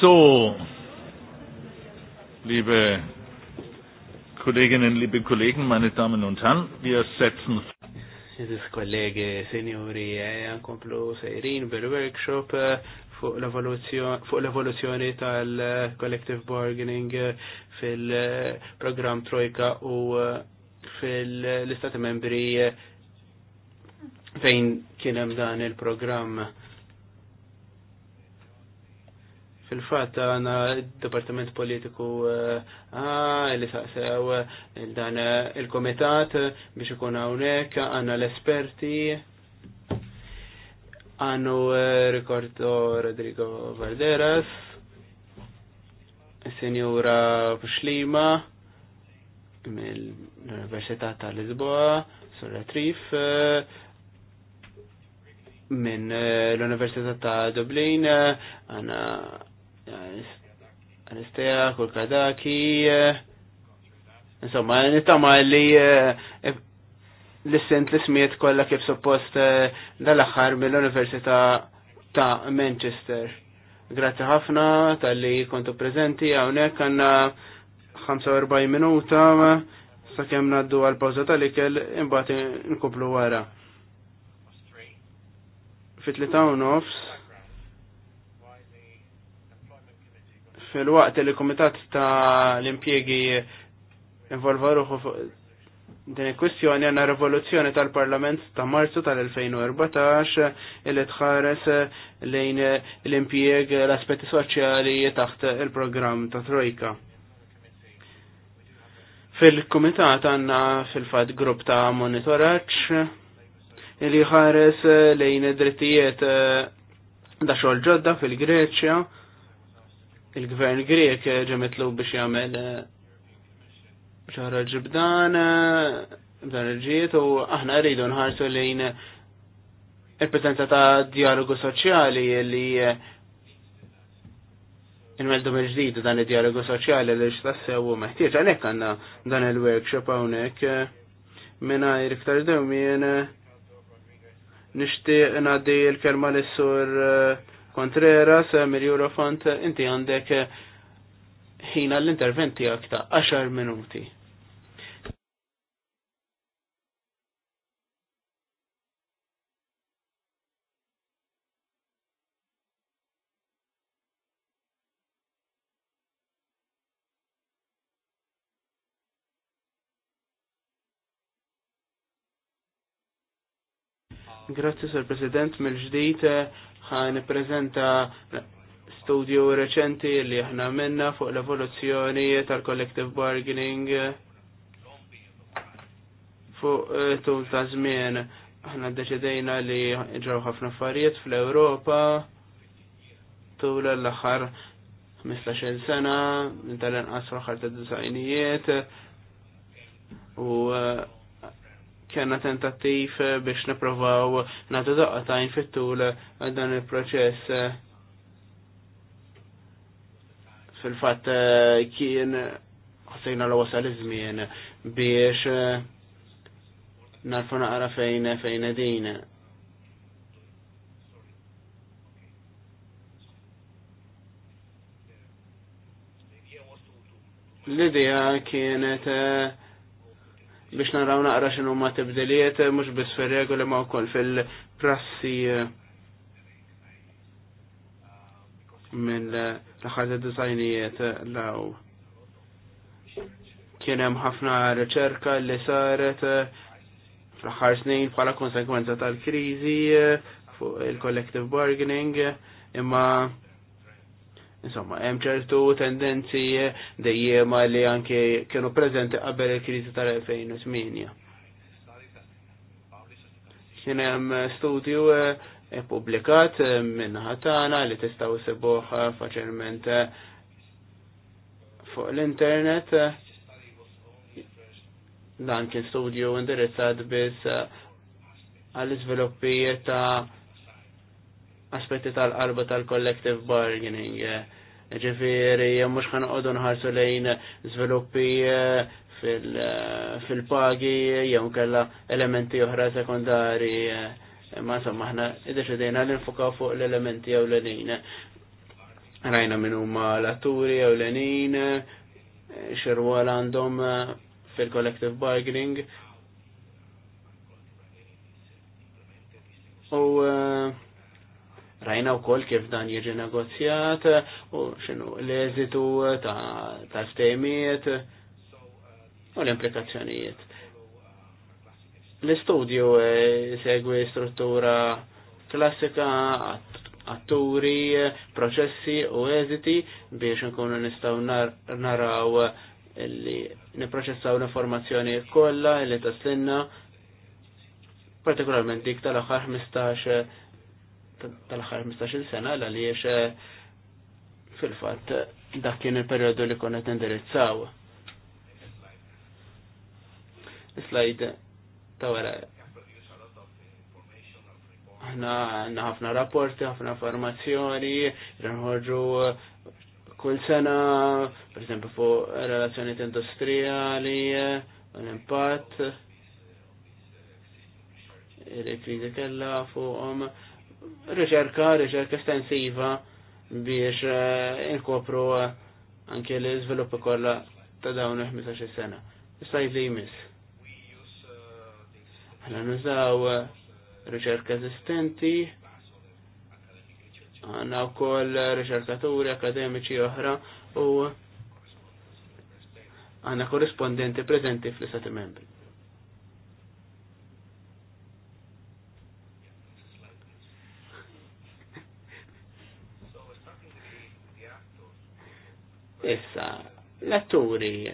So, liebe Kolleginnen, liebe Kollegen, meine Damen und Herren, wir setzen. Jesus kollegi, senjuri, għankomplu eh, sejrin bil-workshop eh, fuq l-evoluzjoni tal-collective bargaining eh, fil-program Trojka u fil-istati membri fejn kienem dan il-program Fil-fatt għana il-Departament Politiku eh, ah, li saqsew il-dan eh, eh, il-Komitat biex ikun hawnhekk għandna l-esperti għannu rikordo Rodrigo Valderas, Senjura Puxlima, mill-Università ta' Lisboa, Sura Trif, minn l-Università ta' Dublin, għana Anistea, Kulkadaki, eh, insomma, nittama li eh, eh, l sint l-smiet kolla kif suppost dal-axar mill-Università ta' Manchester. Grazie ħafna tal-li kontu prezenti għawnek għanna 45 minuta sa' kem naddu għal-pawza tal-ikel imbagħad nkoplu wara. Fitli tlieta nofs fil-waqt li komitat ta' l-impjegi involva ruħu din il-kwistjoni għanna revoluzzjoni tal-Parlament ta' Marzu tal-2014 illi tħares lejn l-impjeg l-aspetti soċjali taħt il-programm ta' Trojka. Fil-Kumitat għanna fil-fat grupp ta' monitoraċ li ħares lejn drittijiet da' xogħol ġodda fil-Greċja il-gvern Grek ġemetlu biex jagħmel ċara eh, ġibdan eh, b'dan il-ġiet u aħna rridu nħarsu lejn il-prezenza ta' dialogu soċjali li eh, nmeldu mill-ġdid dan id-dialogu soċjali li x'tassew u meħtieġ għalhekk għandna dan il-workshop hawnhekk mingħajr iktar dewmien nixtieq ngħaddi l-kelma lis-sur uh, Kontrera, eh, mill Eurofont, eh, inti għandek eh, ħina l interventi għakta, 10 minuti. Grazie, Sir President, mill-ġdijt ħan prezenta studju reċenti li aħna minna fuq l-evoluzzjoni tal-collective bargaining fuq eh, tul ta' żmien aħna deċidejna li ġew ħafna affarijiet fl-Ewropa tul l-aħħar 15 sena minn tal-inqas fl-aħħar ta' dizajnijiet u eh, kena tentativ biex niprovaw nagħtu daqqa ta' infittul dan il-proċess fil-fatt eh, kien ħsejna l wasal iż-żmien biex eh, narfu naqra fejn fejn din. L-idea kienet uh, biex naraw naqra xinu ma tibdiliet, mux biss fil-regoli ma' wkoll fil-prassi eh, minn l-ħadda dizajnijiet law. Kienem ħafna riċerka li saret eh, fl-ħar snin bħala konsekwenza tal-krizi eh, fuq il-collective bargaining imma Insomma, hemm ċertu tendenzi eh, dejjema li anke kienu preżenti qabel il-kriżi tal-2008. Kien hemm studju eh, pubblikat eh, minn ħatana li tistgħu sebuh faċilment fuq l-internet. Dan kien studju indirizzat biss għall-iżviluppijiet ta' aspetti tal-qalba tal-collective bargaining. Eh, ġifiri, eh, mux ħan għodu nħarsu lejn sviluppi eh, fil-pagi, jew kella elementi oħra sekundari, ma insomma ħna id deċedina l-infokaw fuq l-elementi jew l enin Rajna minnu huma l-atturi jew l-lejn, xirwol għandhom fil-collective bargaining. U Rajna wkoll kif dan jiġi negozjat u x'inhu l-eżitu ta' stejmiet u l-implikazzjonijiet. L-istudju eh, segwi struttura klassika atturi, proċessi u eżiti biex nkunu nistaw naraw li niproċessaw l-informazzjoni kollha li taslinna partikolarment dik tal-aħħar 15 tal ħar 15 sena l għaliex eh, fil-fat dak kien il-periodu li konet indirizzaw. Slajd ta' wara. Aħna għandna ħafna rapporti, ħafna informazzjoni, rinħorġu kull sena, per esempio, fuq relazzjoni industriali l-impatt, il-krizi kella fuqhom, riċerka, riċerka estensiva biex eh, inkopru eh, anke l-izviluppi kolla ta' dawn il 15 sena. Sajt li jmiss. Għana nużaw eh, riċerka esistenti, għana u koll riċerkaturi akademiċi oħra u għana korrespondenti prezenti fl-istati membri. L-atturi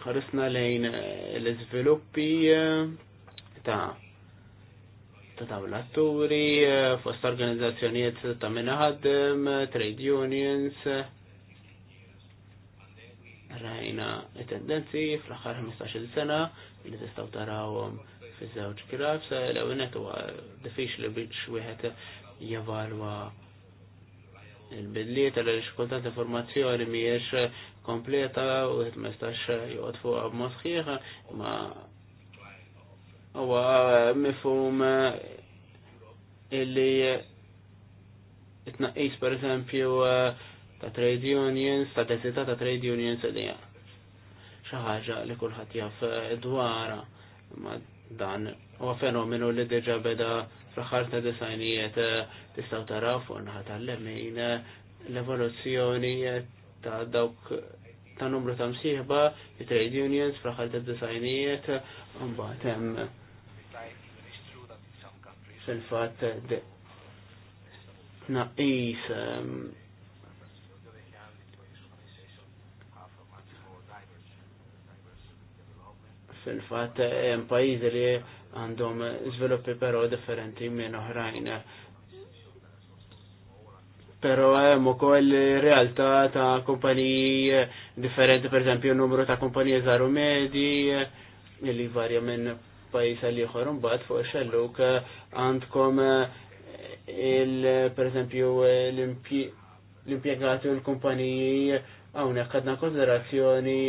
ħarisna lejn eh, l-izviluppi eh, ta' ta' eh, ta' l-atturi, fost organizazzjoniet ta' minnaħaddim, trade unions, rajna tendenzi fl-axar 15 sena li tistaw tarawhom fi żewġ grafs, l-ewwel għunet huwa diffiċli biex wieħed jevalwa il-bidliet għal xkulta ta' formazzjoni miex kompleta u għet mestax juqot fuq għab mosħiħa ma huwa mifum illi itnaqqis per esempio ta' trade unions, ta' densità ta' trade unions li xi ħaġa li kulħadd jaf dwara ma dan huwa fenomenu li diġà beda fl-axar ta' disajnijiet eh, tistaw taraw fuq naħat tal lemmin eh, l-evoluzzjoni eh, ta' dawk ta' numru ta' msieħba, trade unions, fl-axar ta' disajnijiet, un batem fil fat naqis ehm, fil fat hemm pajjiżi li għandhom sviluppi però differenti minn oħrajn. Pero hemm ukoll realtà ta' kumpaniji differenti, pereżempju numru ta' kumpaniji żaru medi li varja minn pajjiż għal ieħor imbagħad fuq xelluk għandkom il pereżempju l-impjegati u l-kumpaniji hawnhekk għadna konsiderazzjoni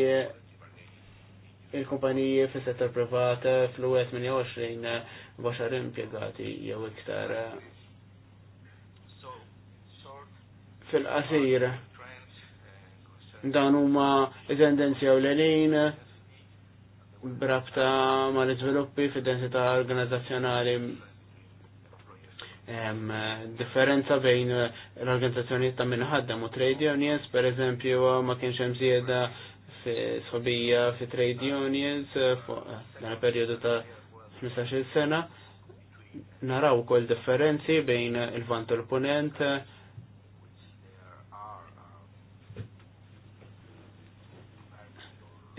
il-kumpaniji fi settur privat eh, fl 28 eh, baxar impiegati jew iktar eh, fil-qasir dan huma tendenzi ewlenin brabta mal-iżviluppi fid-densità organizzazzjonali differenza bejn l-organizzazzjoni ta' minħaddem u trade unions, per eżempju, ma kienx hemm zieda sobija fi trade unions dan eh, eh, periodu ta' 15 sena naraw kol differenzi bejn il-vant u l-ponent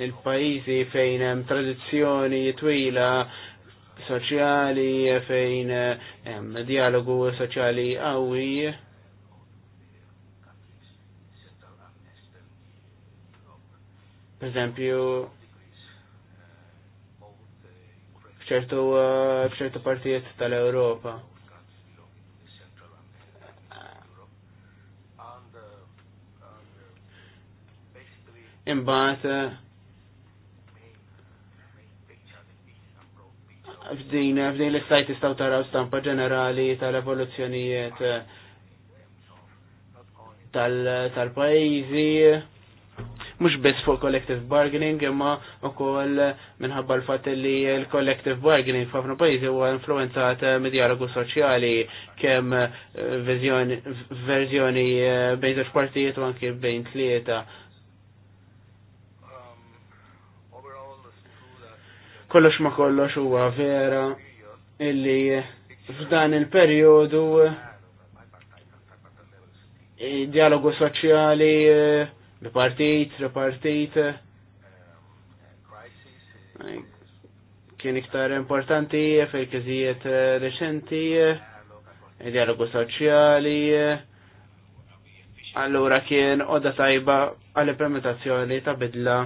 il-pajizi fejn hemm tradizzjoni twila soċjali fejn hemm dialogu soċjali qawwi Per eżempju, f'ċertu certo uh, partiet tal in base uh, f'din uh, f'din l-istajt tistgħu taraw stampa ġenerali tal-evoluzzjonijiet tal-pajjiżi. Tal mhux biss fuq collective bargaining imma wkoll minħabba l-fatt li l-collective bargaining f'ħafna pajjiżi huwa influenzat eh, mid-dialogu soċjali kemm eh, verżjoni eh, bejn żewġ partijiet u anki bejn tlieta. kollox ma kollox huwa vera illi f'dan il periodu dialogu soċjali Repartit, repartit. Kien iktar importanti fil-kizijiet reċenti, dialogu soċjali. Allura kien odda tajba għall-implementazzjoni ta' bidla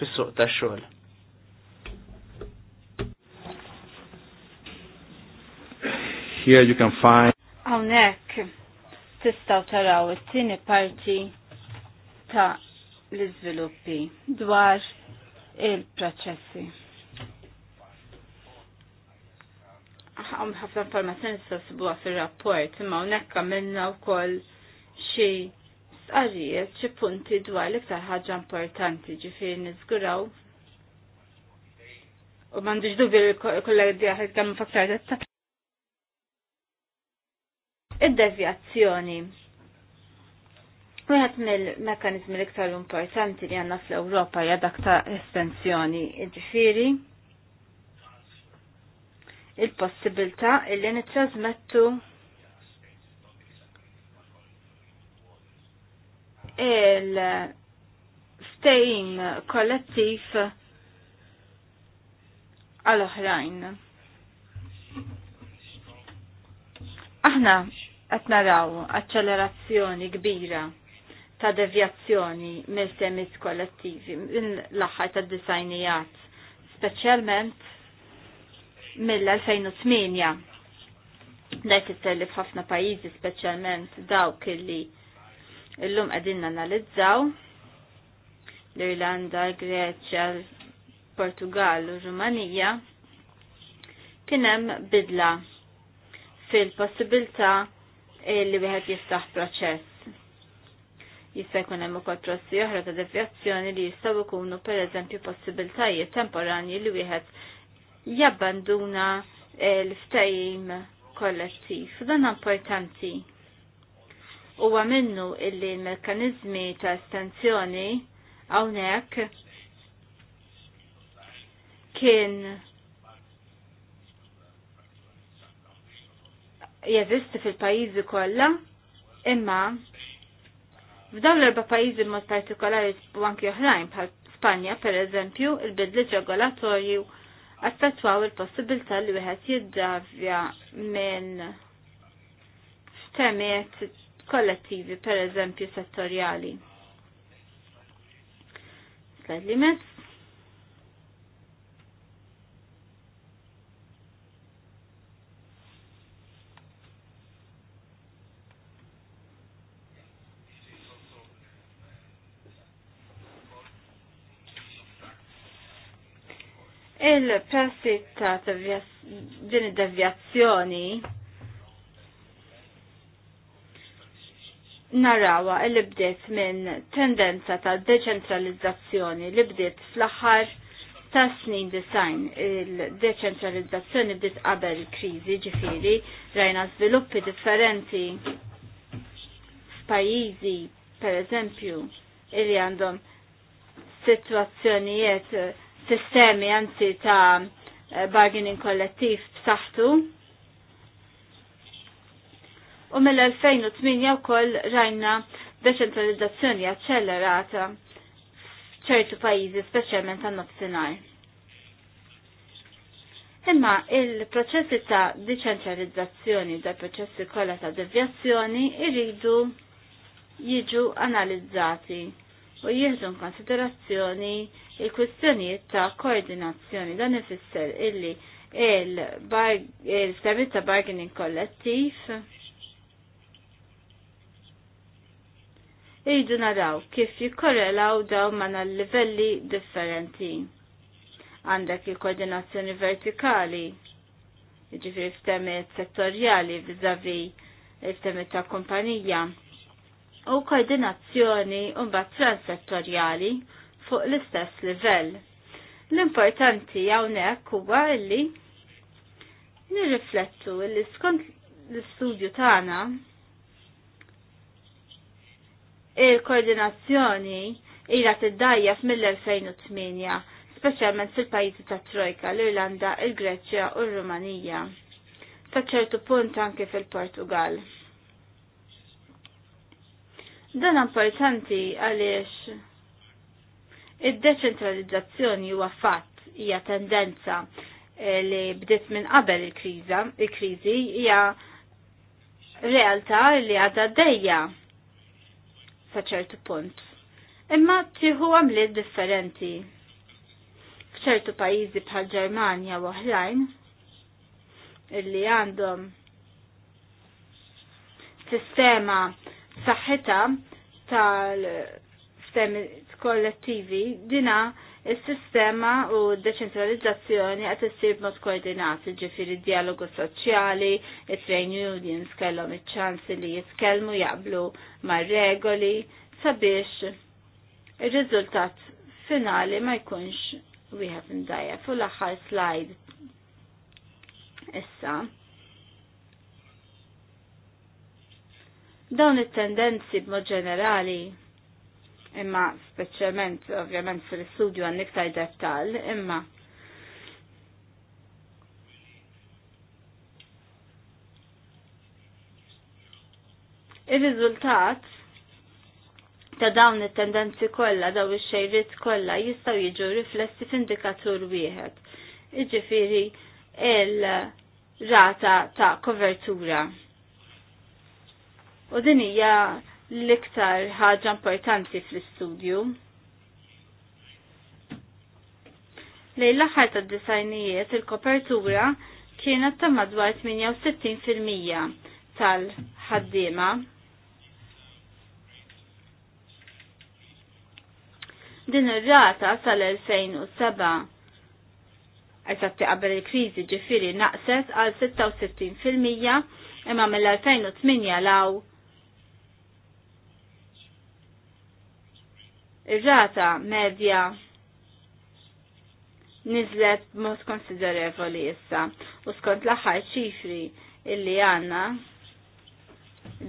fis-suq tax-xogħol. Here you can find. Hawnhekk tistgħu taraw it-tieni parti ta' l izviluppi dwar il-proċessi. Għam ħafna informazzjoni s-sassibuwa fil-rapport, ma' unekka minna u koll xie s stqarrijiet xie punti dwar l-iktar ħagġa importanti ġifieri nizguraw. U mandiġ dubi l kollega diħed kemm faktar detta. Id-devjazzjoni Wieħed mill-mekkaniżmi l-iktar importanti li għandna fl-Ewropa hija dak ta' estensjoni ġifieri il-possibilità illi nittrażmettu il-stejn kollettiv għal-oħrajn. Aħna qed naraw aċċelerazzjoni kbira ta' devjazzjoni mill-semis kollettivi, l-axħar ta' disajnijat, specialment mill-2008. Dajt it-tellif ħafna pajizi specialment dawk li l-lum għedin analizzaw l-Irlanda, Greċja, Portugal u Rumanija kienem bidla fil-possibilta li wieħed jistaħ proċess Jista' jkun hemm ukoll prossi oħra ta' devjazzjoni li jistgħu jkunu pereżempju possibiltajiet temporanji li wieħed jabbanduna l-ftajim kollettiv. Dan importanti. Huwa minnu illi l-mekkaniżmi ta' estensjoni hawnhekk kien jeżisti fil-pajjiżi kollha imma F'dawn l-erba pajjiżi mod partikolari u anki oħrajn bħal Spanja per eżempju, il-bidliet regolatorju affettwaw il-possibilità li wieħed jiddavja minn temiet kollettivi per eżempju settorjali. Sled limits il-persita ta' din id-devjazzjoni narawa li bdiet minn tendenza ta' deċentralizzazzjoni li bdiet fl-aħħar ta' snin design il-deċentralizzazzjoni bdiet qabel kriżi ġifiri rajna sviluppi differenti f'pajjiżi per eżempju illi għandhom situazzjonijiet sistemi anzi ta' bargaining kollettiv b'saħħtu. U mill-2008 wkoll rajna deċentralizzazzjoni accelerata ċertu pajjiżi speċjalment tan nofsinhar. Imma il-proċessi ta' decentralizzazzjoni da' proċessi kollha ta' devjazzjoni irridu jiġu analizzati u jieħdu konsiderazzjoni il-kwistjonijiet ta' koordinazzjoni dan ifisser illi il-servizz ta' bargaining kollettiv Iridu naraw kif jikkorrelaw daw ma' livelli differenti. Għandek il-koordinazzjoni vertikali, jiġifieri f'temiet settorjali vizavi f'temiet ta' kompanija, u koordinazzjoni mbagħad transsettorjali fuq l-istess livell. L-importanti hawnhekk huwa li nirriflettu li skont l-istudju tagħna il-koordinazzjoni ila tiddajja mill-2008, speċjalment fil-pajjiżi ta' Trojka, l-Irlanda, il-Greċja u r-Rumanija, ta' ċertu punt anke fil-Portugal. Dan importanti għaliex Id-deċentralizzazzjoni huwa fatt hija tendenza eh, li bdiet minn qabel il-kriża, il-kriżi hija realtà li għadha dejja sa ċertu punt. Imma tieħu għamliet differenti. F'ċertu pajjiżi bħal Ġermanja u oħrajn illi għandhom sistema saħħita tal kollettivi dina il-sistema u deċentralizzazzjoni għat issir mod koordinat, ġifiri dialogu soċjali, il-train unions kellhom iċ-ċansi li jitkellmu jaqblu ma' regoli sabiex il-riżultat finali ma jkunx wieħed imdajja. Fu l-aħħar slide issa. Dawn it-tendenzi b'mod ġenerali imma speċjalment ovvjament fil studio għan iktar dettal, imma Ir-riżultat ta' dawn it-tendenzi kollha daw ix-xejriet kollha jistgħu jiġu riflessi f'indikatur wieħed. Jiġifieri il-rata ta' kovertura. U din hija l-iktar ħaġa importanti fl-istudju. Lej l-aħħar ta' disajnijiet il-kopertura kienet ta' madwar 68% tal-ħaddiema. Din ir-rata sal-2007 eżatti qabel il-kriżi ġifieri naqset għal 66% imma mill-2008 law Ir-rata medja nizlet mod konsiderevoli issa u skont l-aħħar ċifri illi għanna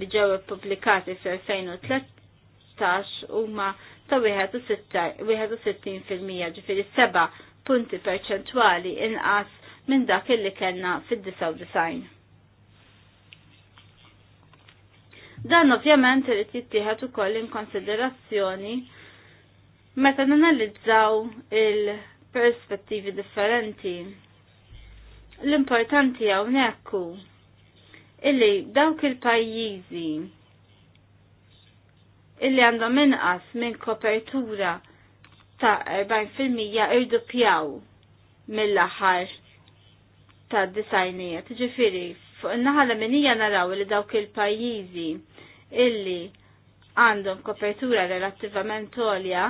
li ġew ippubblikati fl-2013 huma ta' 61% ġifieri seba' punti perċentwali inqas minn dak illi kellna fid-99. Dan ovvjament irid jittieħed ukoll in konsiderazzjoni meta nanalizzaw il-perspettivi differenti. L-importanti hawnhekk illi dawk il-pajjiżi illi għandhom inqas minn kopertura ta' 40% irdu pjaw mill-aħħar ta' disajnija. Tiġifieri fuq in-naħa minija naraw li dawk il-pajjiżi illi għandhom kopertura relattivament għolja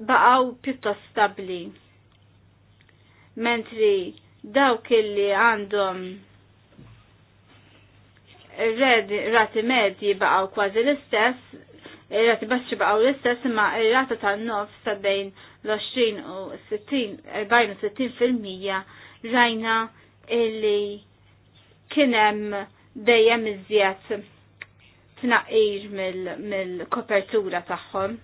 baqaw pjuttost stabli. Mentri dawk illi għandhom rati medji baqaw kważi l-istess, rati baxxi baqaw l-istess, imma r-rata tan-nofs ta' bejn l-20 u 60, 40 60 fil-mija rajna illi kienem dejjem iżjed tnaqir mill-kopertura mil tagħhom.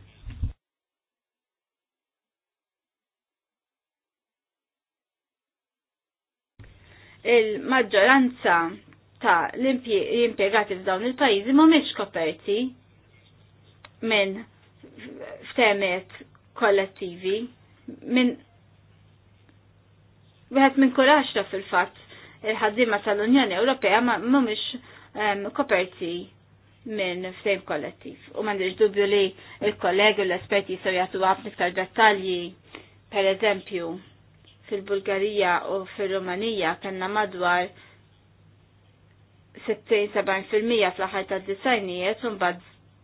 il-maġġoranza ta' l-impiegati f'dawn il-pajjiżi mhumiex koperti minn f'temet kollettivi minn wieħed minn kuraxta fil-fatt il-ħaddiema tal-Unjoni Ewropea ma mhumiex ehm, koperti minn ftejm kollettiv. U m'għandix dubju li l kollegi u l-esperti jistgħu jagħtu għab iktar dettalji per eżempju fil-Bulgarija u fil-Rumanija kanna madwar 60-70% fl-ħar ta' disajnijiet un bad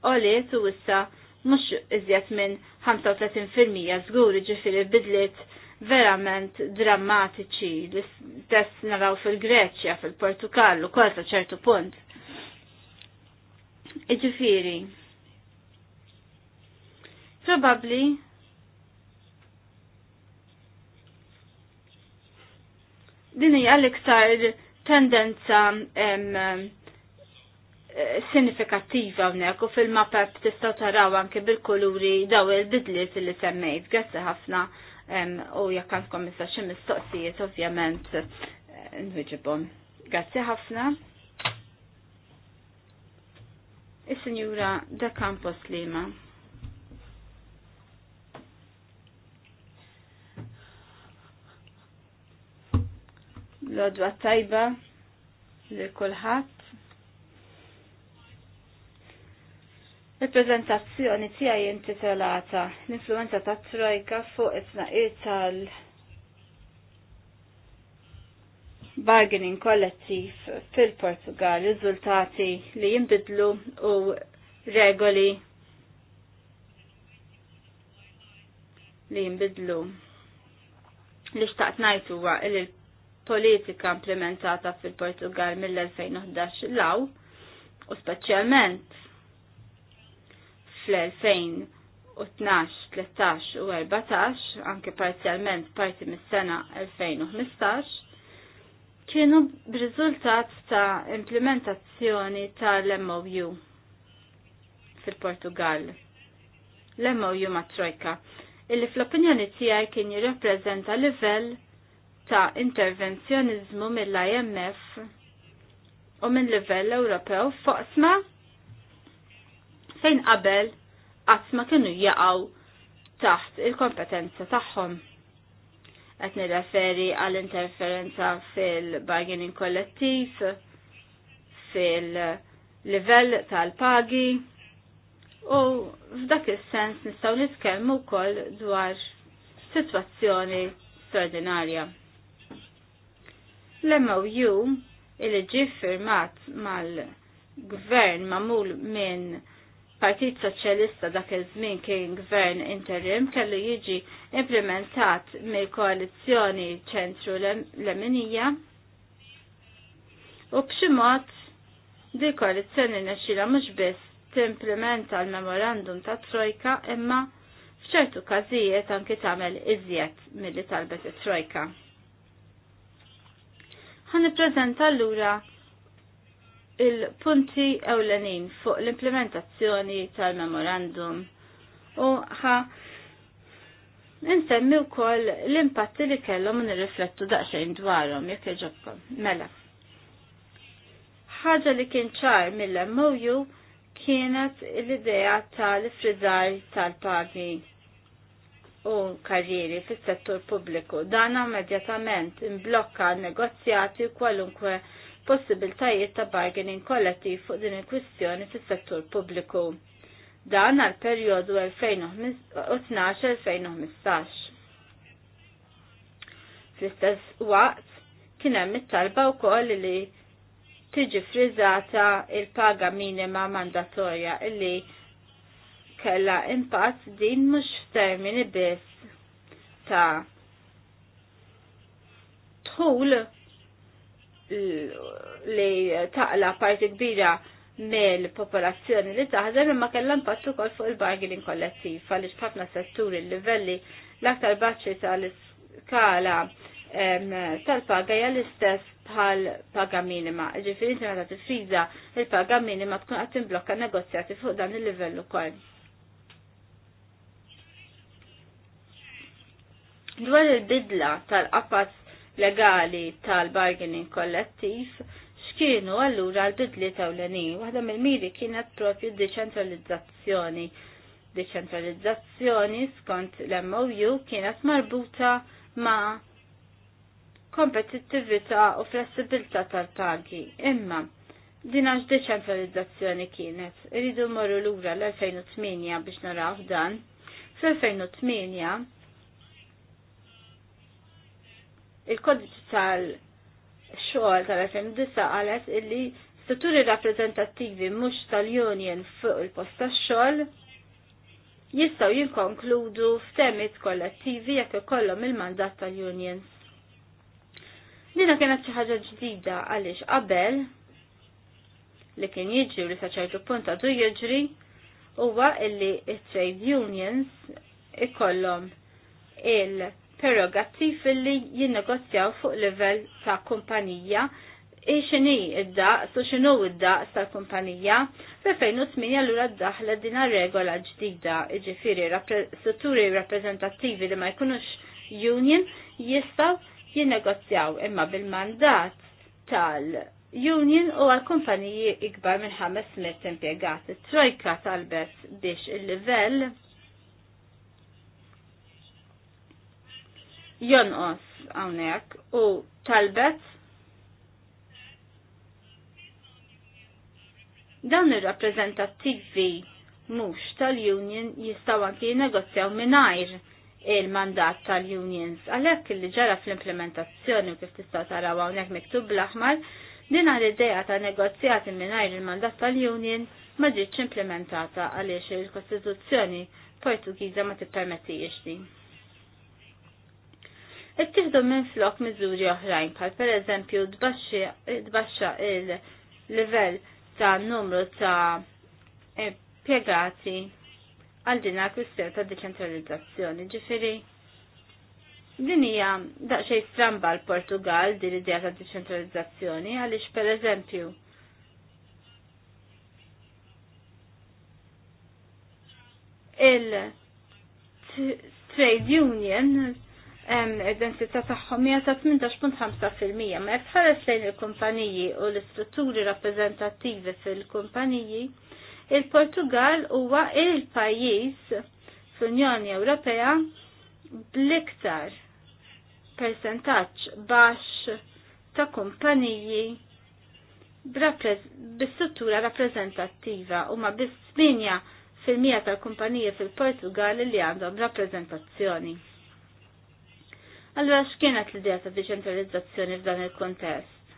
oliet u issa mux izjat minn 35% zgur ġifiri bidliet verament drammatiċi l-istess naraw fil-Greċja, fil-Portugallu, kol ta' ċertu punt. Iġifiri, probabli Din hija l-iktar tendenza eh, sinifikattiva hawnhekk u fil-mapep tistgħu taraw anke bil-kuluri daw il-bidliet li semmejt. Grazzi ħafna u jekk għandkom issa xi mistoqsijiet ovvjament eh, nwiġibhom. Grazzi ħafna. Is-Sinjura De Campos Lima. l-odwa tajba li kulħadd. Il-prezentazzjoni tiegħi intitolata L-influenza ta' Trojka fuq it-tnaqir tal bargaining kollettiv fil-Portugal, riżultati li jimbidlu u regoli li jimbidlu. Li xtaqt najtu il politika implementata fil-Portugal mill-2011 law u speċjalment fl-2012, 13 u 14, anke parzjalment parti mis-sena 2015, kienu b'riżultat ta' implementazzjoni tal-MOU fil-Portugal. L-MOU ma' Trojka, illi fl-opinjoni tiegħi kien jirrappreżenta livell ta' intervenzjonizmu mill-IMF u minn livell Ewropew foqsma fejn qabel qatt ma kienu jaqgħu taħt il-kompetenza tagħhom. Qed nirreferi għall interferenza fil-bargaining kollettiv, fil-livell tal-pagi u f'dak is-sens nistgħu nitkellmu wkoll dwar sitwazzjoni straordinarja. L-MOU illi ġi firmat mal-gvern mamul minn Partit Soċjalista dak iż-żmien kien gvern interim kellu jiġi implementat mill-koalizzjoni ċentru Leminija u b'xi mod di koalizzjoni nexxila mhux biss timplementa l-memorandum ta' Trojka imma f'ċertu każijiet anki tagħmel iżjed milli talbet it-Trojka ħan prezenta allura il-punti ewlenin fuq l-implementazzjoni tal-memorandum u ħa Nsemmi u koll l-impatti li kellhom nirriflettu daqsxejn dwarhom jekk iġobkom. Mela. Ħaġa li kien ċar mill-MOU kienet l-idea tal-frizzar tal-pagi u karriri fis settur pubbliku. Dan immedjatament imblokka negozjati u kwalunkwe possibiltajiet ta' bargaining kollettiv fuq din il-kwistjoni fis settur pubbliku. Dan għal periodu 2012-2015. Fl-istess waqt kien hemm it-talba wkoll li tiġi friżata il-paga minima mandatorja illi kella impatt din mhux f'termini biss ta' tħul li taqla parti kbira mill-popolazzjoni li taħdem imma kellha impatt ukoll fuq il-bargaining kollettiv għaliex ħafna setturi l-livelli l-aktar baċċi tal-iskala tal-paga hija l-istess bħal paga minima. Ġifieri inti meta tifriża il-paga minima tkun qed timblokka negozjati fuq dan il-livell ukoll. Dwar il-bidla tal-qafas legali tal-bargaining kollettiv, x'kienu allura l-bidli tawleni, waħda mill-miri kienet propju deċentralizzazzjoni. Deċentralizzazzjoni skont l-MOU kienet marbuta ma' kompetittivita u flessibilta tal-pagi. Imma, dinax deċentralizzazzjoni kienet. Iridu morru l-ura l-2008 biex naraw dan. Fl-2008 Il-kodiċ tal-xogħol tal-2009 qalet illi strutturi rappreżentattivi mhux tal-union fuq il-post tax-xogħol jistgħu jinkonkludu f'temiet kollettivi jekk ikollhom il-mandat tal-unions. Dina kienet xi ħaġa ġdida għaliex qabel li kien jiġri u li ċertu punt għadu jiġri huwa illi trade unions ikollhom il- prerogattiv li jinnegozjaw fuq livell ta' kumpanija i xini id-daqs u xinu id-daqs tal-kumpanija fl tminja l-ura d-daħla dina regola ġdida ġifiri strutturi rappresentativi li ma jkunux union jistaw jinnegozjaw imma bil-mandat tal-union u għal-kumpaniji ikbar minn 500 impiegati. Trojka talbet biex il-livell jonqos hawnhekk u talbet dawn ir-rappreżentattivi mhux tal-union jistgħu anki negozjaw mingħajr il-mandat tal-unions. Għalhekk li ġara fl-implementazzjoni u kif tistaw taraw hawnhekk miktub bl-aħmar, din għal-idea ta' negozjati mingħajr il-mandat tal-union ma ġietx implementata għaliex il-Kostituzzjoni Portugiża ma tippermettijiex din ittieħdu minn flok miżuri oħrajn bħal pereżempju tbaxxa il-livell ta' numru ta' impjegati e, għal din kwistjoni ta' deċentralizzazzjoni. Ġifieri din hija daqsxejn stramba l-Portugal din l-idea ta' deċentralizzazzjoni għaliex pereżempju il trade union densità tagħhom hija ta' 18.5% ma jekk tħares lejn il-kumpaniji u l-istrutturi rappreżentattivi fil-kumpaniji, il-Portugal huwa il-pajjiż fl-Unjoni Ewropea bl-iktar percentaġġ baxx ta' kumpaniji bis-struttura rappreżentattiva huma biss 8 fil-mija tal-kumpaniji fil-Portugal li għandhom rappreżentazzjoni. Allura x'kienet l-idea ta' deċentralizzazzjoni f'dan il-kontest?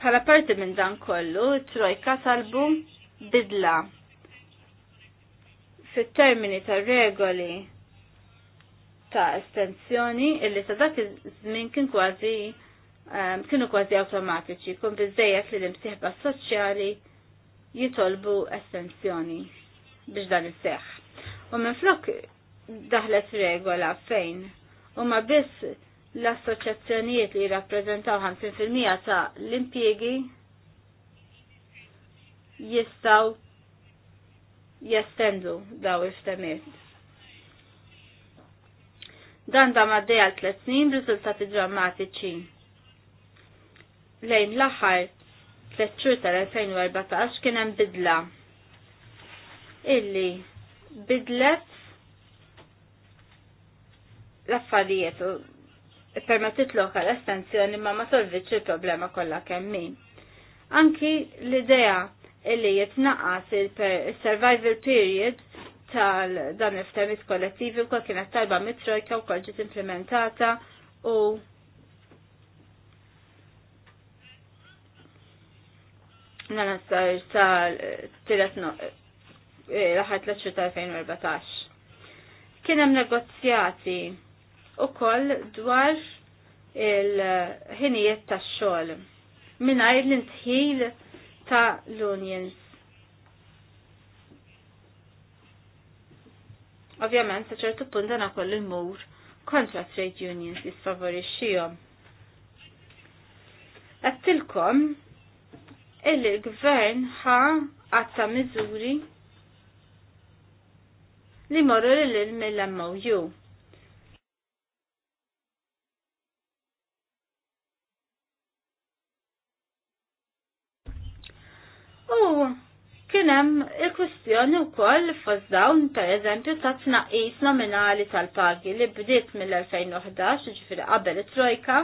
Bħala parti minn dan kollu, trojka talbu bidla fit-termini ta' regoli ta' estensjoni illi ta' dak iż-żmien kien kważi ehm, kienu kważi awtomatiċi, kun biżejjed li l-imsieħba soċjali jitolbu estensjoni biex dan is-seħħ. U minn flok daħlet regola fejn u ma biss l-assoċjazzjonijiet li jirrappreżentaw 50% ta' l-impjiegi jistaw jestendu daw iftemiet. Dan da maddeja għal tlet snin riżultati drammatiċi. Lejn l-aħħar tlet xhur tal-2014 kien hemm bidla illi bidlet l-affarijiet u permettit lokal estensjoni ma ma solviċ il-problema kollha kemm min. Anki l-idea illi jitnaqqas il-survival period tal dan il-ftemit kollettivi u kol kienet talba mitrojka u kol implementata u nana sar tal-tilet eh, raħat l-ċu tal-2014. Kienem negozjati koll dwar il-ħinijiet tax-xogħol mingħajr l-intħil ta' l-unions. Ovvjament, sa' ċertu punt dan koll il-mur kontra trade unions li xijom. Għattilkom il-gvern ħa għatta miżuri li morru l-mill-MOU kienem hemm il-kwistjoni wkoll fost dawn pereżempju ta' tnaqqis nominali tal-pagi li bdiet mill-2011 ġifiri qabel it-trojka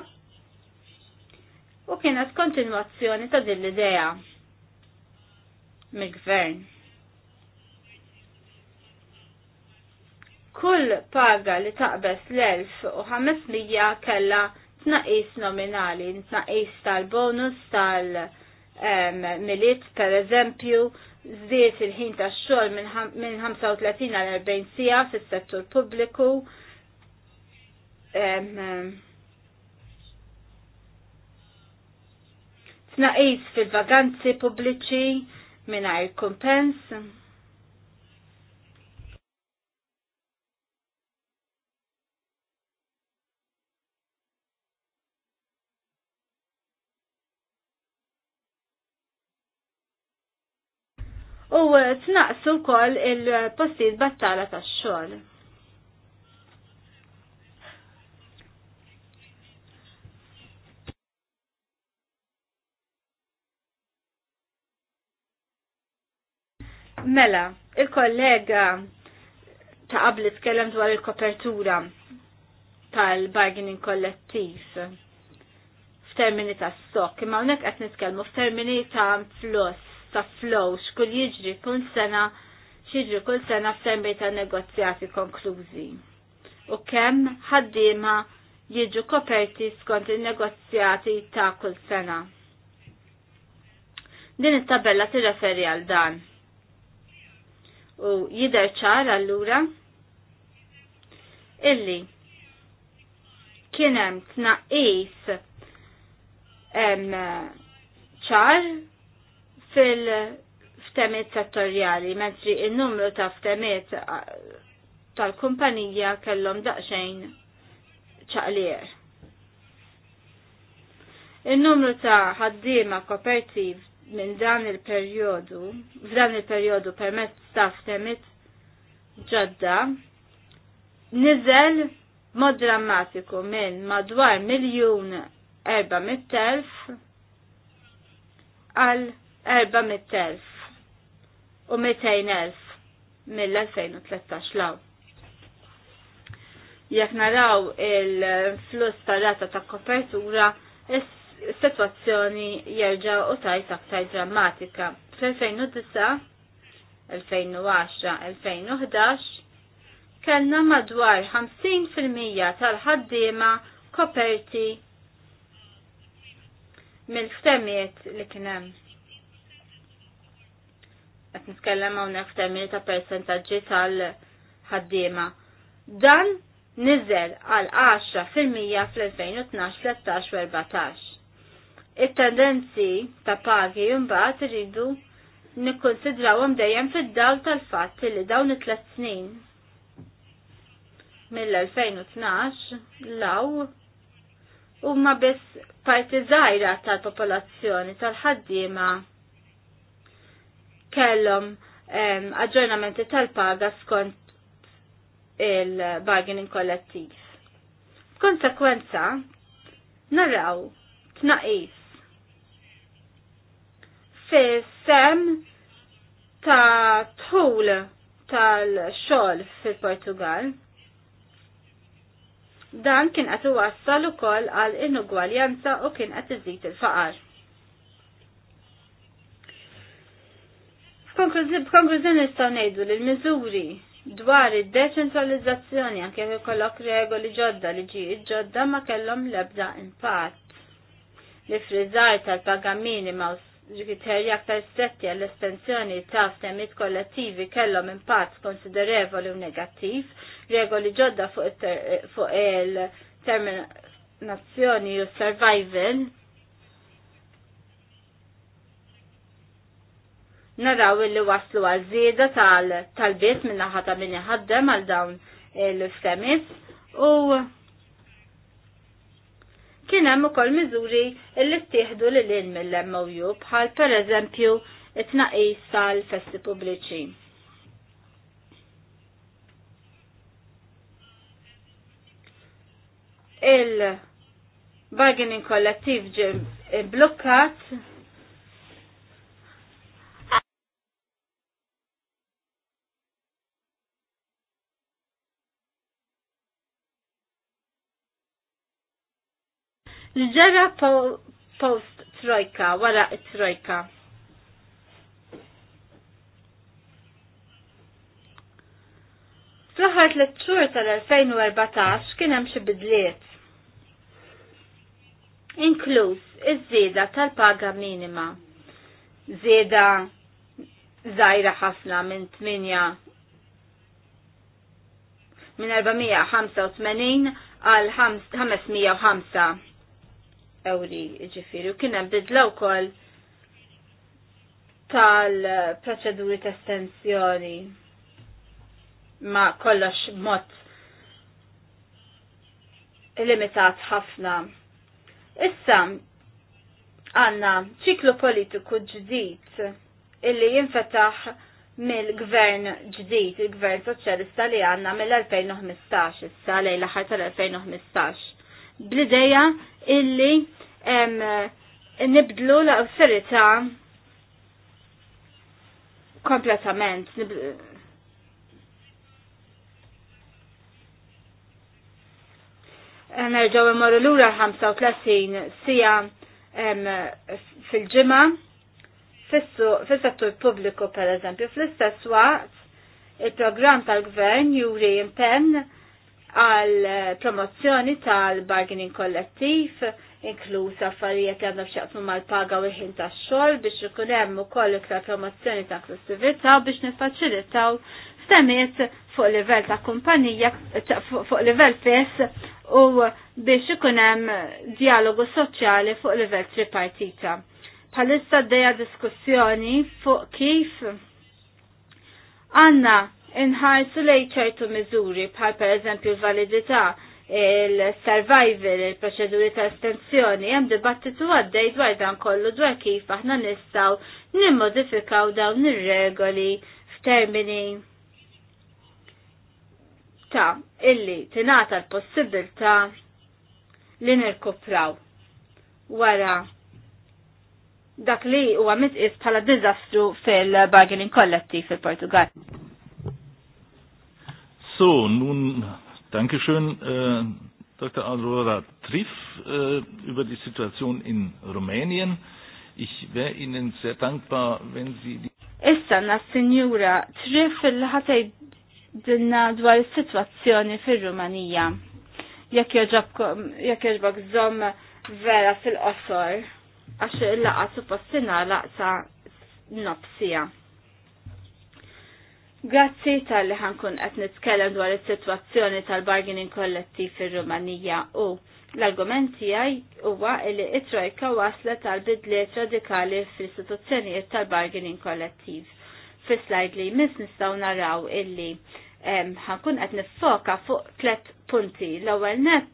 u kienet kontinwazzjoni ta' din l-idea mill-gvern. Kull paga li taqbes l-1500 kella tnaqis nominali, t tal-bonus tal-bonus tal-bonus tal miliet per eżempju żdiet il-ħin tax-xogħol minn 35 għal 40 sija fis-settur pubbliku. Tnaqis fil-vaganzi pubbliċi mingħajr kumpens. u eh, t-naqsu wkoll il-postijiet battala tax-xogħol. Mela, il-kollega ta' qabli tkellem dwar il-kopertura tal-bargaining kollettiv f'termini ta' stock, imma hawnhekk qed nitkellmu f'termini ta' flus ta' flow x'kull jiġri kull sena xiġri kull sena f'tembi ta' negozjati konklużi. U kemm ħaddiema jiġu koperti skont il-negozjati ta' kull sena. Din it-tabella tirreferi għal dan. U jidher ċar allura illi kien hemm tnaqqis ċar fil-ftemiet settorjali, mentri il-numru ta' ftemiet tal-kumpanija kellhom daqsxejn ċaqlier. Il-numru ta' ħaddiema koperti minn dan il-perjodu, f'dan il-perjodu permezz ta' ftemiet ġodda, niżel mod drammatiku minn madwar miljun erba' mit-telf għal Erba' 400.000 u elf mill-2013 law. Jekk naraw il-fluss ta' rata ta' kopertura, is-sitwazzjoni jerġa' u tajt aktar drammatika. Fl-2009, 2010, 2011 kellna madwar 50% tal-ħaddiema koperti mill-ftemiet li kien hemm qed nitkellem hawnhekk f'termini ta' persentaġġi tal-ħaddiema. Dan niżel għal 10% fl-2012, 13 u 14. It-tendenzi ta' pagi mbagħad iridu nikkonsidrawhom dejjem fid-dawl tal-fatt li dawn it-tlet snin mill-2012 law huma biss parti żgħira tal-popolazzjoni tal-ħaddiema kellhom ehm, aġġornamenti tal-paga skont il-bargaining kollettiv. Konsekwenza, naraw tnaqis fi sem ta' tħul tal-xol fil-Portugal. Dan kien qed iwassal ukoll għal inugwaljanza u kien qed iżid il-faqar. F'konklużjoni nistgħu ngħidu li l-miżuri dwar id-deċentralizzazzjoni anke jekk ikollok regoli ġodda li ġi ġodda ma kellhom l-ebda impatt. Li friżar tal minima u kriterji aktar stretti għall-estensjoni ta' stemmit kollettivi kellhom impatt konsiderevoli u negattiv, regoli ġodda fuq il-terminazzjoni u survival naraw illi waslu għal zieda tal talbiet minn minna ħata minni ħaddem għal dawn l-istemis u kien hemm ukoll miżuri li ttieħdu lil lin mill-MOU bħal pereżempju it-tnaqis tal-festi pubbliċi. Il-bargaining kollettiv ġim blokkat li ġara post trojka, wara trojka. fl ħar tliet xhur tal-2014 kien hemm xi bidliet. Inkluż iż-żieda tal-paga minima. Żieda żgħira ħafna minn 8 minn 485 għal 505 ewri ġifiri u kienem bidlaw kol tal-proċeduri ta' estensjoni ma kollox mod limitat ħafna. Issa għanna ċiklu politiku ġdid illi jinfetaħ mill-gvern ġdid, il-gvern soċjalista li għanna mill-2015, issa lejla ħar tal-2015 bl-ideja illi nibdlu l-austerità kompletament. Nerġaw imorru l-ura 35 sija fil-ġimma fil-settur pubbliku per eżempju fl-istess waqt il-programm tal-gvern juri impenn għal promozzjoni tal-bargaining kollettiv, inkluż affarijiet li għandhom xaqsmu mal-paga u l-ħin tax-xogħol biex ikun hemm ukoll iktar promozzjoni ta' inklusività u biex niffaċilitaw stemmiet fuq livell ta' kumpanija fuq livell fess u biex ikun hemm dialogu soċjali fuq livell tripartita. Bħalissa għaddejja diskussjoni fuq kif għanna inħarsu lej ċertu miżuri bħal per eżempju l-validità il-survival, il-proċeduri ta' estensjoni, jem dibattitu għaddej dwar dan kollu dwar kif aħna nistaw nimmodifikaw dawn ir-regoli f'termini ta' illi tinata l-possibilta li nirkupraw wara dak li huwa mitqis bħala diżastru fil-bargaining collective fil-Portugal. So, nun, Dankeschön, äh, Dr. Aurora Triff, äh, über die Situation in Rumänien. Ich wäre Ihnen sehr dankbar, wenn Sie die. Issa na Signora Triff il-ħataj dinna dwar is-sitwazzjoni fir-Rumanija. Jekk jogħġbok żomm vera fil-qosor għax il-laqa suppostina laqsa nofsija. Grazzi tal-li ħankun qed nitkellem dwar is-sitwazzjoni tal-bargaining kollettiv fir-Rumanija u l-argument tiegħi huwa li it-trojka waslet għal bidliet radikali fl-istituzzjonijiet tal-bargaining kollettiv. Fis-slajd li jmiss nistgħu naraw illi ħankun qed nifoka fuq tliet punti. L-ewwel net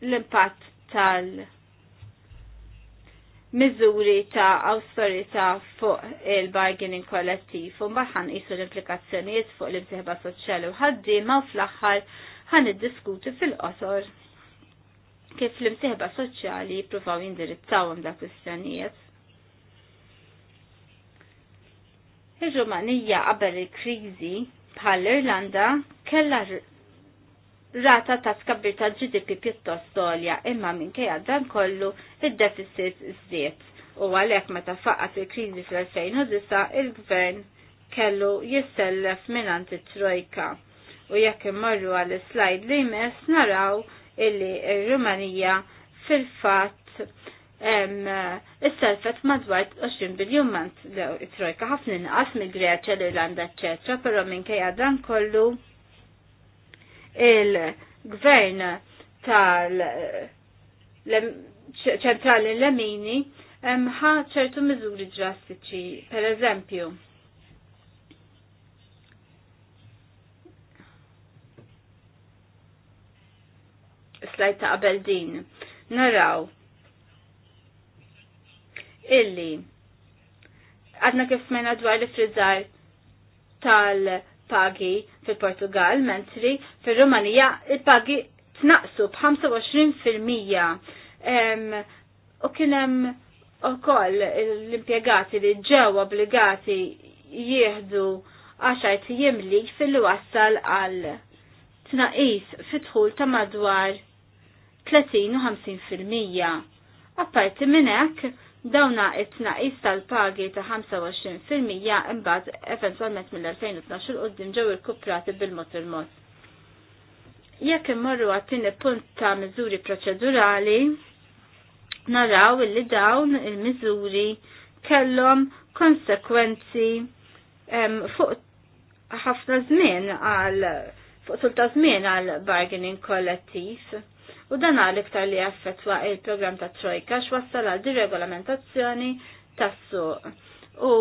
l-impatt tal- miżuri ta' awtorità fuq il-bargaining kollettiv u mbaħan isu l-implikazzjonijiet fuq l-imsieħba soċjali u ħaddiema u fl-aħħar ħan iddiskuti fil-qosor kif l-imsieħba soċjali jippruvaw jindirizzawhom da' kwistjonijiet. Ir-Rumanija qabel il-kriżi bħall-Irlanda kellha rata ta' skabbir tal-GDP pjuttost dolja imma minkejja dan kollu id-deficit żdied. U għalhekk meta faqqa fil kriżi fl-2009 il-gvern kellu jissellef minant it-trojka. U jekk imorru għal slajd li jmiss naraw illi r-Rumanija fil-fatt Is-selfet madwar 20 biljum mant trojka ħafna inqas mill-Greċja, l-Irlanda, pero però minkejja dan kollu il-gvern tal ċentrali l-Lemini ħa ċertu miżuri drastiċi, per eżempju. Slajt ta' qabel din. Naraw illi għadna kif smajna dwar li frizzar tal- pagi fil-Portugal, mentri fil-Rumanija il-pagi tnaqsu b'25% u kienem u koll l-impiegati li ġew obbligati jieħdu 10 tijiem li fil-wassal għal tnaqis fitħul ta' madwar 30 u 50%. Apparti minn hekk, Dawna it-tnaqis tal-pagi ta' 25% imbagħad eventwalment mill-2012 il qudiem ġew irkuprati bil-mod il-mod. Jekk immorru għat-tieni punt ta' miżuri proċedurali, naraw li dawn il-miżuri kellhom konsekwenzi fuq ħafna żmien għal fuq sulta żmien għal bargaining kollettiv u dan għal iktar li affettwa il program ta' Trojka x'wassal għal diregolamentazzjoni tas-suq. U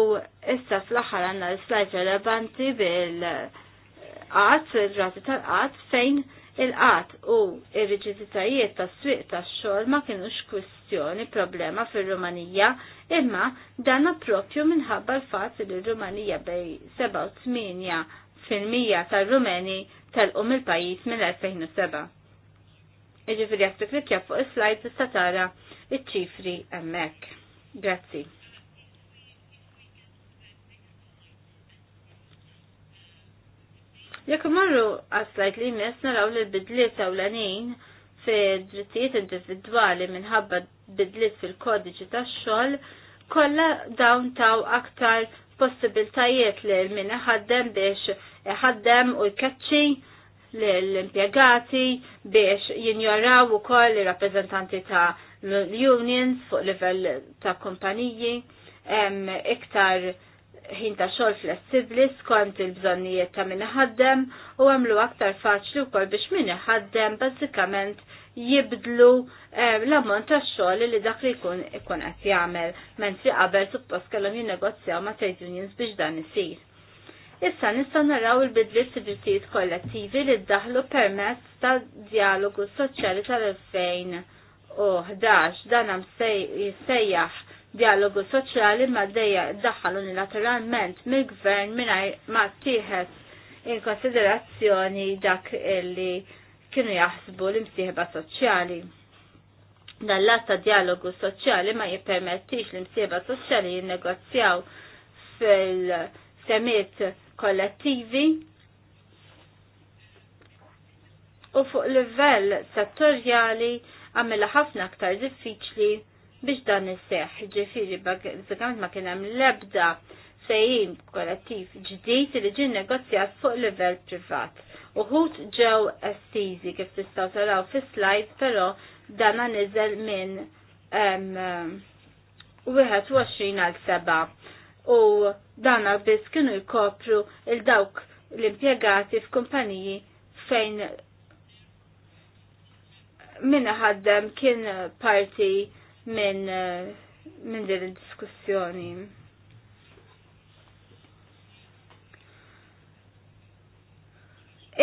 issa fl-aħħar għandna l-slajd relevanti bil-qatt, il-rati tal-qatt fejn il-qatt u ir-riġiditajiet tas-swieq tax-xogħol ma kienux kwistjoni problema fir-Rumanija imma dan propju minħabba l-fatt li r-Rumanija bej 7 8 fil-mija tal-Rumeni tal-qum il-pajis mill-2007. Iġifiri għak klikja fuq il slajt tista' tara iċ-ċifri hemmhekk. Grazzi. Jekk marru għas-slajd li jmiss naraw li l-bidliet ewlenin fi drittijiet individwali minħabba bidliet fil-kodiċi tax-xogħol kollha dawn taw aktar possibiltajiet li min ħaddem biex ħaddem u jkaċċi l-impjegati biex jinjoraw u koll rappresentanti ta' unions fuq livell ta' kompaniji iktar ħin ta' xogħol flessibbli skont il-bżonnijiet ta' min ħaddem u għamlu aktar faċli wkoll biex min ħaddem bażikament jibdlu l-ammont ta' xol li dak li jkun ikun qed jagħmel, mentri qabel suppost kellhom jinnegozjaw ma' trade unions biex dan isir. Issa nistgħu naraw il-bidliet fid-drittijiet kollettivi li ddaħlu permezz ta' dialogu soċjali tal-2011 dan hemm jissejjaħ dialogu soċjali ma dejja ddaħħal unilateralment mill-gvern mingħajr ma tieħed in konsiderazzjoni dak li kienu jaħsbu l-imsieħba soċjali. Dan ta' dialogu soċjali ma jippermettix l-imsieħba soċjali jinnegozjaw fil-semiet kollettivi u fuq livell settorjali għamela ħafna aktar diffiċli biex dan is-seħ, ġifiri bazzikament ma kien hemm l-ebda sejjim kollettiv ġdid li ġie negozjat fuq livell privat. Uħut ġew estizi kif tistgħu taraw fis-slide, però dan niżel minn 21 għal 7 u dan biss kienu jkopru il-dawk l-impjegati f'kumpaniji fejn minna ħaddem kien parti minn min din il-diskussjoni.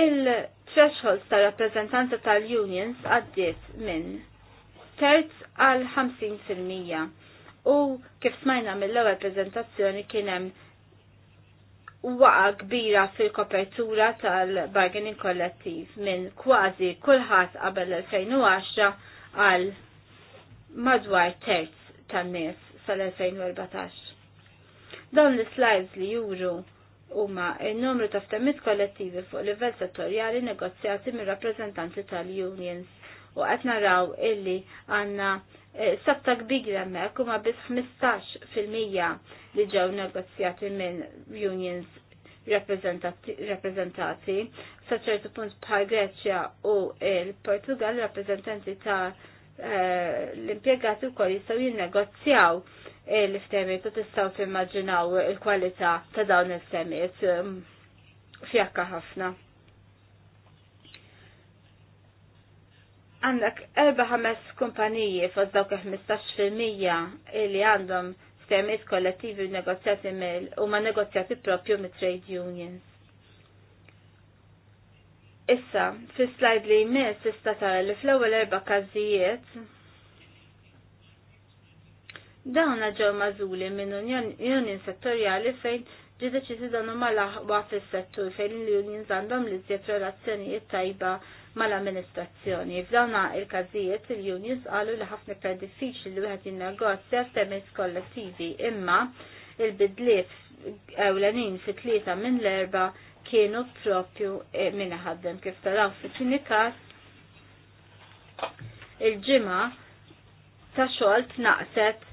Il-threshold ta' rappresentanza tal-unions għaddiet minn terz għal 50% u kif smajna mill-ewwel prezentazzjoni kien hemm waqa kbira fil-kopertura tal-bargaining kollettiv minn kważi kulħadd qabel l 2010 għal madwar terz tan-nies sal-2014. Dawn l-slides li juru huma n-numru ta' ftemmit kollettivi fuq livell settorjali negozjati mir rappreżentanti tal-unions u qed naraw illi għandna eh, sabta kbira mek u ma bis 15% li ġew negozjati minn unions rappresentati sa ċertu punt bħal Greċja u il-Portugal rappresentanti ta' eh, l-impiegati u koll jistaw jinnegozjaw l-istemiet u tistaw timmaġinaw il-kwalità ta' dawn l-istemiet eh, fjakka ħafna. għandak 4-5 kumpaniji mistax dawk 15% li għandhom stermiet kollettivi negozjati mill u ma negozjati propju mit trade unions. Issa, fi slide li jmiss tista' tara li fl-ewwel erba' każijiet dawn ġew mażuli minn union settorjali fejn ġi deċiżi dan huma laħwa fis-settur fejn l-unions għandhom li żjed relazzjonijiet tajba mal-amministrazzjoni. F'dawna il-każijiet il-unions qalu li ħafna iktar diffiċli li wieħed jinnegozja f'terminis kollettivi imma il-bidliet ewlenin fit-tlieta minn l-erba kienu propju eh, minn ħaddem kif taraw fi tieni każ il-ġimgħa ta' xogħol tnaqset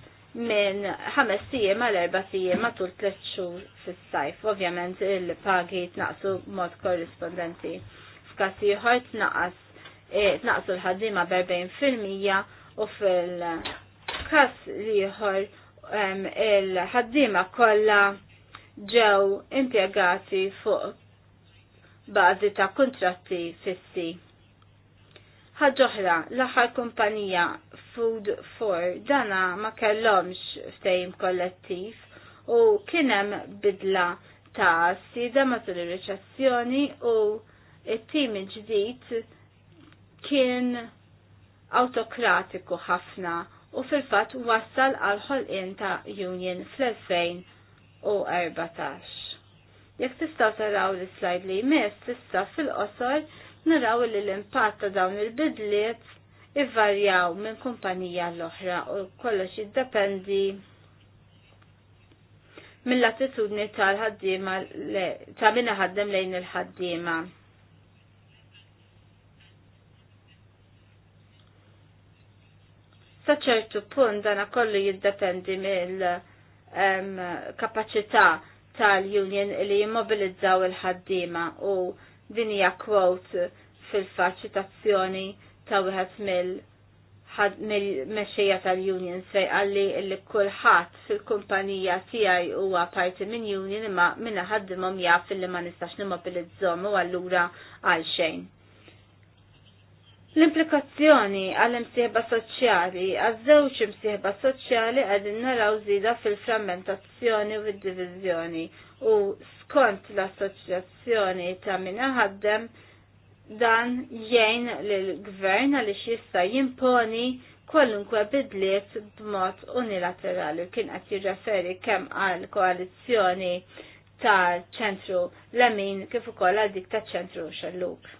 minn ħames sijiem għal erba' sijiem matul tliet xhur fis-sajf. Ovvjament il-pagi tnaqsu mod korrispondenti f'każ ieħor tnaqas e, tnaqsu l-ħaddiema b'40 fil-mija u fil-każ ieħor il ħaddima kollha ġew impjegati fuq bażi ta' kuntratti fissi. Ħaġoħra, l-aħħar kumpanija Food for dana ma kellhomx ftehim kollettiv u kienem bidla ta' sida matul ir-reċessjoni u it-tim il-ġdid kien autokratiku ħafna u fil-fatt wassal għal ħolqien ta' Union fl-2014. Jekk tistaw taraw l-slajd li jmiss, tista' fil-qosor naraw li l-impatt ta' dawn il-bidliet ivarjaw minn kumpanija l-oħra u kollox jiddependi mill-attitudni tal ħaddima ta' minna ħaddem lejn il-ħaddiema. Ta' ċertu punt dana kollu jiddependi mill kapacità tal-union li jimmobilizzaw il-ħaddima u din hija quote fil-faċitazzjoni ta' wieħed mill-mexxejja tal-union fej għalli li kulħadd fil-kumpanija tiegħi huwa parti minn union imma minna ħaddimhom jaf li ma nistax nimmobilizzhom u allura għal xejn. L-implikazzjoni għall-imsieħba soċjali, għal żewġ imsieħba soċjali għadin naraw zida fil-frammentazzjoni u fil-divizjoni u skont l-assoċjazzjoni ta' minna ħaddem dan jgħin l-gvern għaliex jista' jimponi kollunkwe bidliet b'mod unilaterali kien qed jirreferi kemm għal koalizzjoni ta' ċentru lemin kif ukoll għal dik taċ-ċentru xelluk.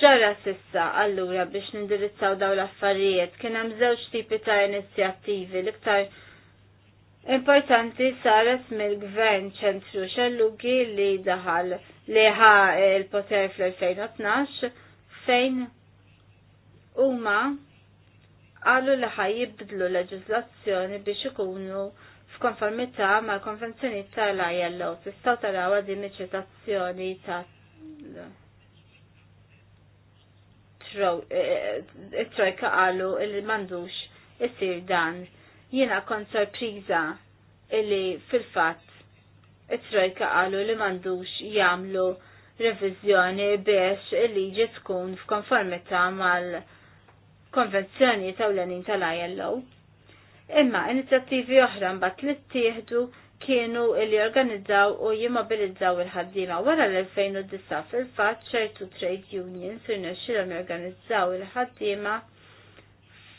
Ġara sissa allura biex nindirizzaw daw l-affarijiet kien hemm żewġ tipi ta' inizjattivi l-iktar importanti saret mill-gvern ċentru xellugi li daħal li ħa l poter fl-2012 fejn huma qalu li ħa jibdlu leġislazzjoni biex ikunu f'konformità mal konvenzjoni tal-ILO. Tistgħu taraw din iċitazzjoni ta' it-trojka eh, eh, eh, qalu li mandux isir dan. Jiena kont sorpriża illi fil-fatt it-trojka qalu li mandux jagħmlu reviżjoni biex il-liġi tkun f'konformità mal-konvenzjoni tawlenin tal-ILO. Imma inizjattivi oħra mbagħad li ttieħdu kienu li organizzaw u jimmobilizzaw il-ħaddima. Wara l-2009 fil-fatt ċertu trade unions irnexxilhom jorganizzaw il-ħaddima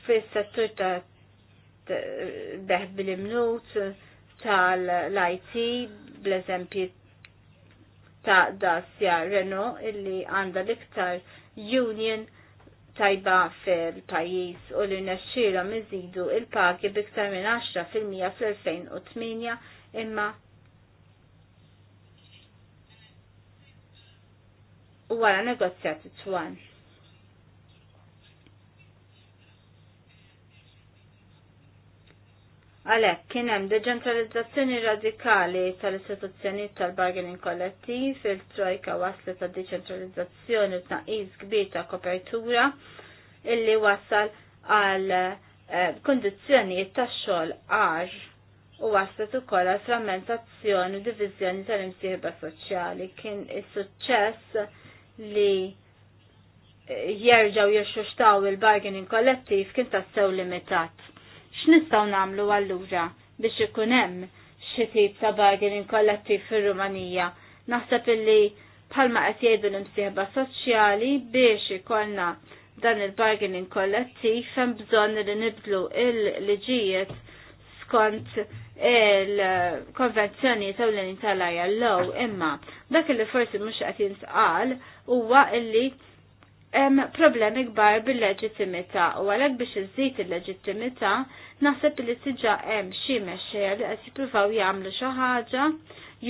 fis-settur ta' beħ bil-imnut tal-IT, bl-eżempju ta' Dacia Renault illi għanda l-iktar union tajba fil-pajis u li nesċilom iżidu il-pagi biktar minn 10% fil-2008 imma u wara negozjat it-twan. Għalek, kienem deġentralizzazzjoni radikali tal-istituzzjoni tal-bargaining kollettiv, il-trojka wasli ta' deċentralizzazzjoni u tnaqis kbir ta' kopertura, illi wasal għal eh, kondizjoni ta' xogħol għar u għasset u kolla frammentazzjoni u divizjoni tal-imsieħba soċjali. Kien il-suċċess li jerġaw jirxuxtaw il-bargaining kollettiv kien tassew limitat. X'nistgħu nagħmlu allura biex ikun hemm xi tip ta' bargaining kollettiv fir-Rumanija? Naħseb illi bħalma qed jgħidu l-imsieħba soċjali biex ikollna dan il-bargaining kollettiv hemm bżonn li nibdlu il-liġijiet skont il-konvenzjoni tawleni tal l-law imma dak li forsi mux qed jinsqal huwa illi hemm problemi kbar bil-leġittimità u għalhekk biex iżid il-leġittimità naħseb li tiġa hemm xi mexxejja li qed jippruvaw jagħmlu xi ħaġa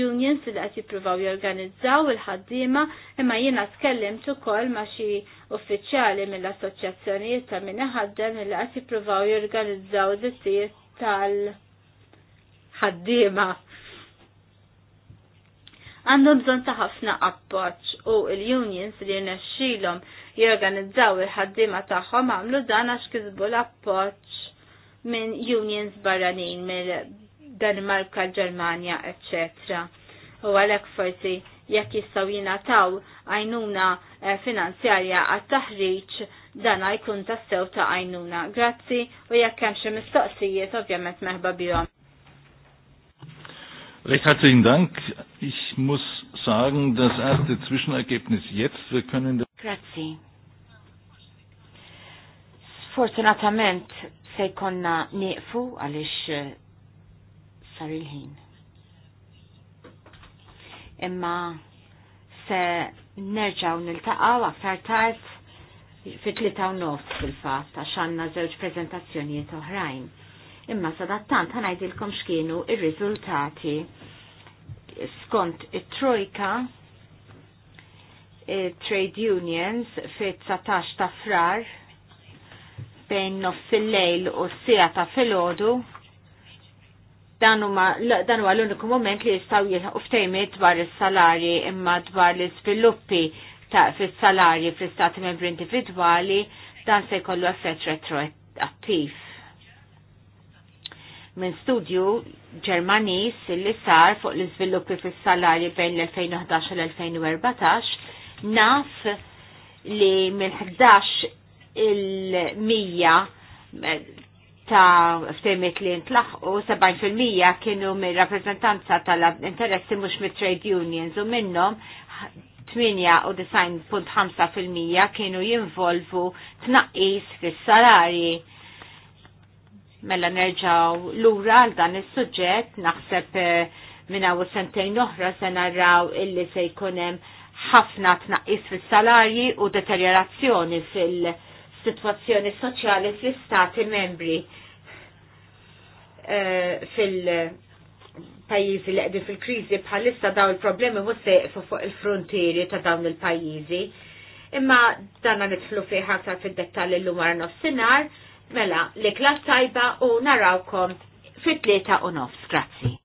unions li qed jippruvaw jorganizzaw il-ħaddiema imma jiena tkellimt ukoll ma' xi uffiċjali mill-assoċjazzjonijiet ta' min iħaddem li qed jippruvaw jorganizzaw drittijiet tal-ħaddiema għandu bżon ta' ħafna appoċ u il-unions li nesċilom jorganizzaw il-ħaddima tagħhom għamlu dan għax kizbu l-appoċ minn unions barranin minn Danimarka, Ġermanja, etc. U għalek forsi jekk jistaw taw għajnuna eh, finanzjarja għat-taħriġ dana jkun ta' sew ta' għajnuna. Grazzi u jekk hemm xi mistoqsijiet ovvjament meħba bihom. Recht herzlichen Dank. Ich muss sagen, das erste Zwischenergebnis jetzt, wir können... Grazie. Sfortunatament se konna nieqfu għaliex eh, sar il Imma se nerġaw niltaqgħu aktar tard fit tlita u nofs fil-fatt għax għandna żewġ prezentazzjonijiet oħrajn. Imma sadattant ħanajdilkom x'kienu il riżultati skont it-trojka eh, trade unions fit 19 ta' frar bejn nofs il-lejl u s-sija ta' filgħodu dan huwa l-uniku moment li jistgħu jilħu ftejmiet dwar is-salari imma dwar l-iżviluppi fis-salarji fl-istati membri individwali dan se jkollu effett retroattiv. Minn studju Ġermanis li sar fuq l-iżviluppi fis-salarji bejn l-2011 u l-2014 naf li minn 11 il-100 ta' ftemiet li ntlaħqu 70% kienu minn rappresentanza tal-interessi mhux mit trade unions u minnhom 98.5% kienu jinvolvu tnaqqis fis-salarji. Mela nerġaw lura għal dan is-suġġett naħseb eh, minna u sentejn oħra se narraw illi se jkunem ħafna tnaqqis fis-salarji u deteriorazzjoni fil-sitwazzjoni soċjali fl-istati membri. Uh, fil- pajjiżi li qegħdin fil-kriżi bħalissa dawn il-problemi mhux seqfu fuq il-frontieri ta' dawn il-pajjiżi. Imma danna nidħlu fih aktar fid-dettall illum wara nofsinhar, mela li klas tajba u narawkom fit-tlieta u nofs. Grazzi.